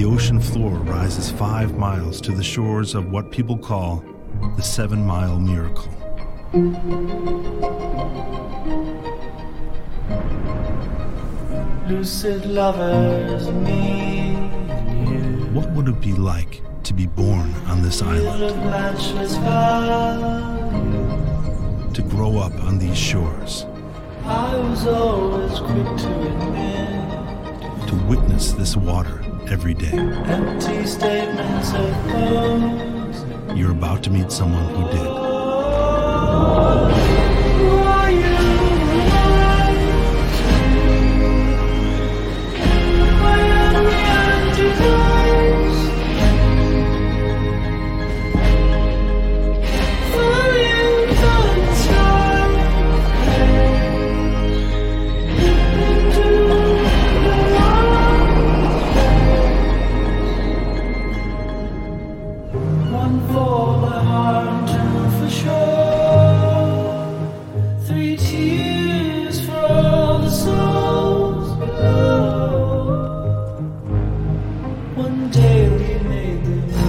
the ocean floor rises five miles to the shores of what people call the Seven Mile Miracle. Lucid lovers, me What would it be like to be born on this island? To grow up on these shores? I was always quick to admit. To witness this water every day. You're about to meet someone who did. we made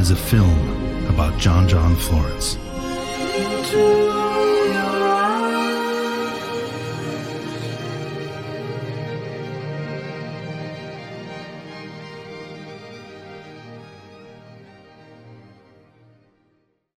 is a film about John John Florence.